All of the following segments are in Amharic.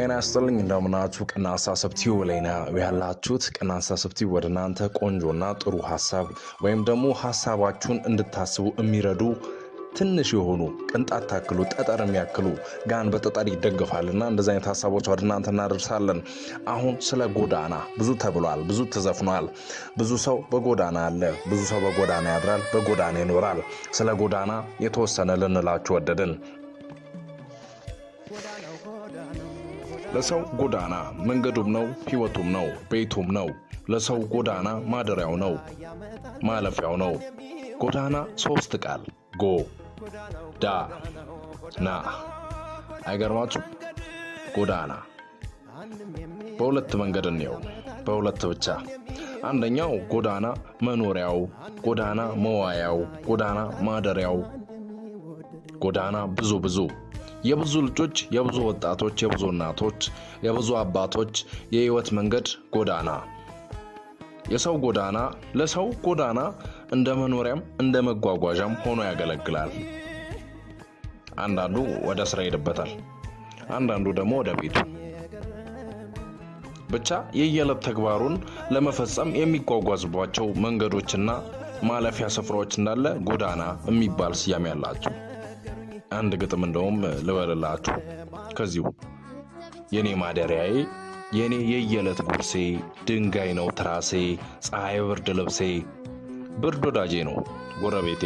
ጤና ይስጥልኝ እንደምናችሁ። ቀና አሳሰብ ቲዩብ ላይ ያላችሁት ቀና አሳሰብ ቲዩብ ወደ እናንተ ቆንጆና ጥሩ ሀሳብ ወይም ደግሞ ሀሳባችሁን እንድታስቡ የሚረዱ ትንሽ የሆኑ ቅንጣት ታክሉ ጠጠር የሚያክሉ ጋን በጠጠር ይደግፋልና እንደዚህ አይነት ሀሳቦች ወደ እናንተ እናደርሳለን። አሁን ስለ ጎዳና ብዙ ተብሏል፣ ብዙ ተዘፍኗል። ብዙ ሰው በጎዳና አለ፣ ብዙ ሰው በጎዳና ያድራል፣ በጎዳና ይኖራል። ስለ ጎዳና የተወሰነ ልንላችሁ ወደድን። ለሰው ጎዳና መንገዱም ነው፣ ሕይወቱም ነው፣ ቤቱም ነው። ለሰው ጎዳና ማደሪያው ነው፣ ማለፊያው ነው። ጎዳና ሶስት ቃል ጎ ዳ ና። አይገርማችሁ? ጎዳና በሁለት መንገድ እንየው፣ በሁለት ብቻ። አንደኛው ጎዳና መኖሪያው፣ ጎዳና መዋያው፣ ጎዳና ማደሪያው፣ ጎዳና ብዙ ብዙ የብዙ ልጆች፣ የብዙ ወጣቶች፣ የብዙ እናቶች፣ የብዙ አባቶች የህይወት መንገድ ጎዳና የሰው ጎዳና ለሰው ጎዳና እንደ መኖሪያም እንደ መጓጓዣም ሆኖ ያገለግላል። አንዳንዱ ወደ ስራ ይሄድበታል፣ አንዳንዱ ደግሞ ወደ ቤቱ ብቻ የየዕለት ተግባሩን ለመፈጸም የሚጓጓዝባቸው መንገዶችና ማለፊያ ስፍራዎች እንዳለ ጎዳና የሚባል ስያሜ አላቸው። አንድ ግጥም እንደውም ልበልላችሁ ከዚሁ የኔ ማደሪያዬ የኔ የየዕለት ጉርሴ ድንጋይ ነው ትራሴ ፀሐይ ብርድ ልብሴ ብርድ ወዳጄ ነው ጎረቤቴ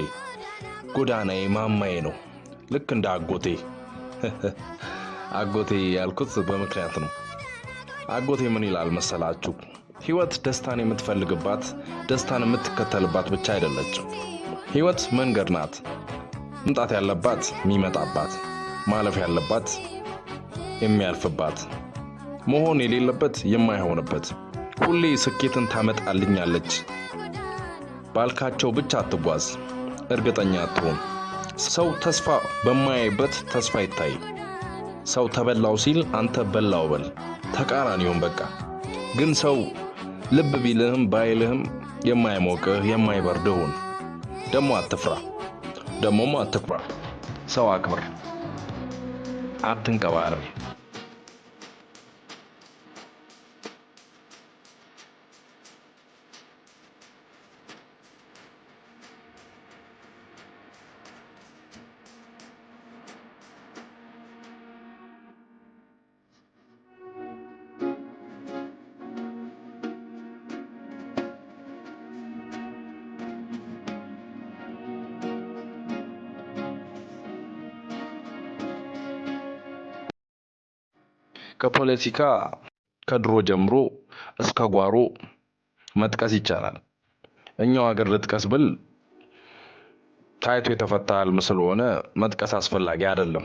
ጎዳናዬ ማማዬ ነው ልክ እንደ አጎቴ አጎቴ ያልኩት በምክንያት ነው። አጎቴ ምን ይላል መሰላችሁ? ህይወት ደስታን የምትፈልግባት ደስታን የምትከተልባት ብቻ አይደለችም። ህይወት መንገድ ናት። መምጣት ያለባት የሚመጣባት፣ ማለፍ ያለባት የሚያልፍባት፣ መሆን የሌለበት የማይሆንበት፣ ሁሌ ስኬትን ታመጣልኛለች ባልካቸው ብቻ አትጓዝ፣ እርግጠኛ አትሆን። ሰው ተስፋ በማያይበት ተስፋ ይታይ። ሰው ተበላው ሲል አንተ በላው በል፣ ተቃራኒውን በቃ። ግን ሰው ልብ ቢልህም ባይልህም የማይሞቅህ የማይበርድሁን ደግሞ አትፍራ። ደግሞም አትኩራ፣ ሰው አክብር፣ አትንቀባረር። ከፖለቲካ ከድሮ ጀምሮ እስከ ጓሮ መጥቀስ ይቻላል። እኛው ሀገር ልጥቀስ ብል ታይቶ የተፈታ ህልም ስለሆነ መጥቀስ አስፈላጊ አይደለም።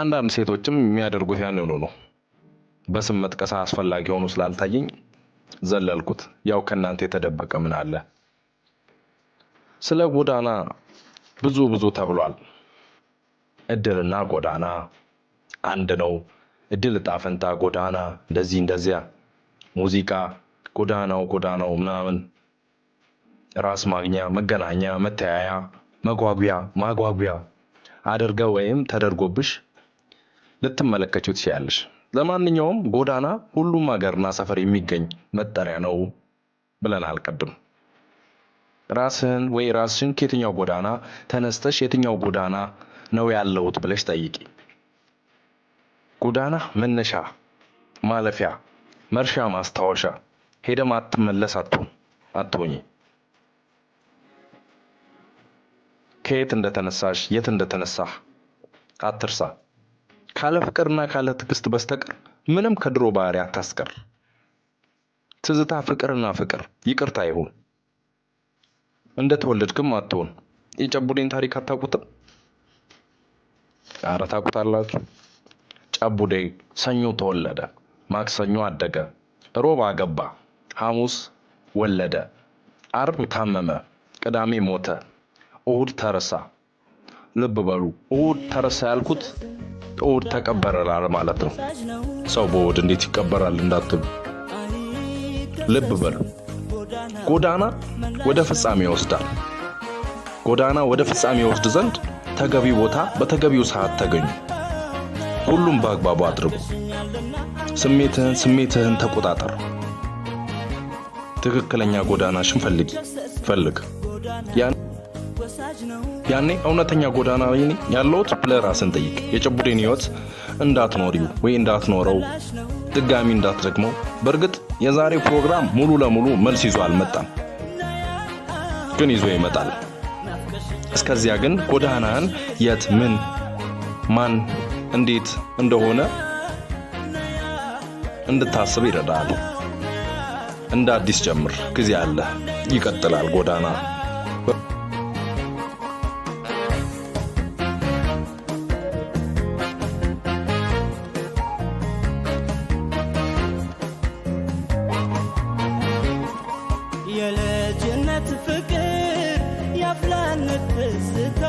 አንዳንድ ሴቶችም የሚያደርጉት ያን ነው። በስም መጥቀስ አስፈላጊ ሆኖ ስላልታየኝ ዘለልኩት። ያው ከእናንተ የተደበቀ ምን አለ? ስለ ጎዳና ብዙ ብዙ ተብሏል። እድልና ጎዳና አንድ ነው እድል፣ እጣ ፈንታ፣ ጎዳና፣ እንደዚህ እንደዚያ፣ ሙዚቃ፣ ጎዳናው ጎዳናው ምናምን፣ ራስ ማግኛ፣ መገናኛ፣ መተያያ፣ መጓጉያ፣ ማጓጉያ አድርገ ወይም ተደርጎብሽ ልትመለከችው ትችያለሽ። ለማንኛውም ጎዳና ሁሉም ሀገርና ሰፈር የሚገኝ መጠሪያ ነው ብለን አልቀድም። ራስህን ወይ ራስሽን ከየትኛው ጎዳና ተነስተሽ የትኛው ጎዳና ነው ያለሁት ብለሽ ጠይቂ። ጎዳና መነሻ ማለፊያ መርሻ ማስታወሻ ሄደ ማትመለስ አትሆን አትሆኝ ከየት እንደተነሳሽ የት እንደተነሳህ አትርሳ። ካለ ፍቅርና ካለ ትዕግስት በስተቀር ምንም ከድሮ ባህሪ አታስቀር። ትዝታ ፍቅርና ፍቅር ይቅርታ ይሁን። እንደተወለድክም አትሆን። የጨቡዴን ታሪክ አታውቁትም? አረ ታውቁታላችሁ። ጨቡዴ ሰኞ ተወለደ፣ ማክሰኞ አደገ፣ ሮብ አገባ፣ ሐሙስ ወለደ፣ አርብ ታመመ፣ ቅዳሜ ሞተ፣ እሁድ ተረሳ። ልብ በሉ እሁድ ተረሳ ያልኩት እሁድ ተቀበረላል ማለት ነው። ሰው በእሁድ እንዴት ይቀበራል እንዳትሉ ልብ በሉ። ጎዳና ወደ ፍጻሜ ይወስዳል። ጎዳና ወደ ፍጻሜ ይወስድ ዘንድ ተገቢ ቦታ በተገቢው ሰዓት ተገኙ። ሁሉም በአግባቡ አድርጉ። ስሜትህን ስሜትህን ተቆጣጠር። ትክክለኛ ጎዳናሽን ፈልጊ ፈልግ። ያኔ እውነተኛ ጎዳና ላይ ያለሁት ብለህ ራስን ጠይቅ። የጨቡዴን ህይወት እንዳትኖሪው ወይ እንዳትኖረው ድጋሚ እንዳትደግመው። በእርግጥ የዛሬ ፕሮግራም ሙሉ ለሙሉ መልስ ይዞ አልመጣም፣ ግን ይዞ ይመጣል። እስከዚያ ግን ጎዳናህን የት ምን ማን እንዴት እንደሆነ እንድታስብ ይረዳል። እንደ አዲስ ጀምር፣ ጊዜ አለ፣ ይቀጥላል ጎዳና የልጅነት ፍቅር ያፍላነት ትዝታ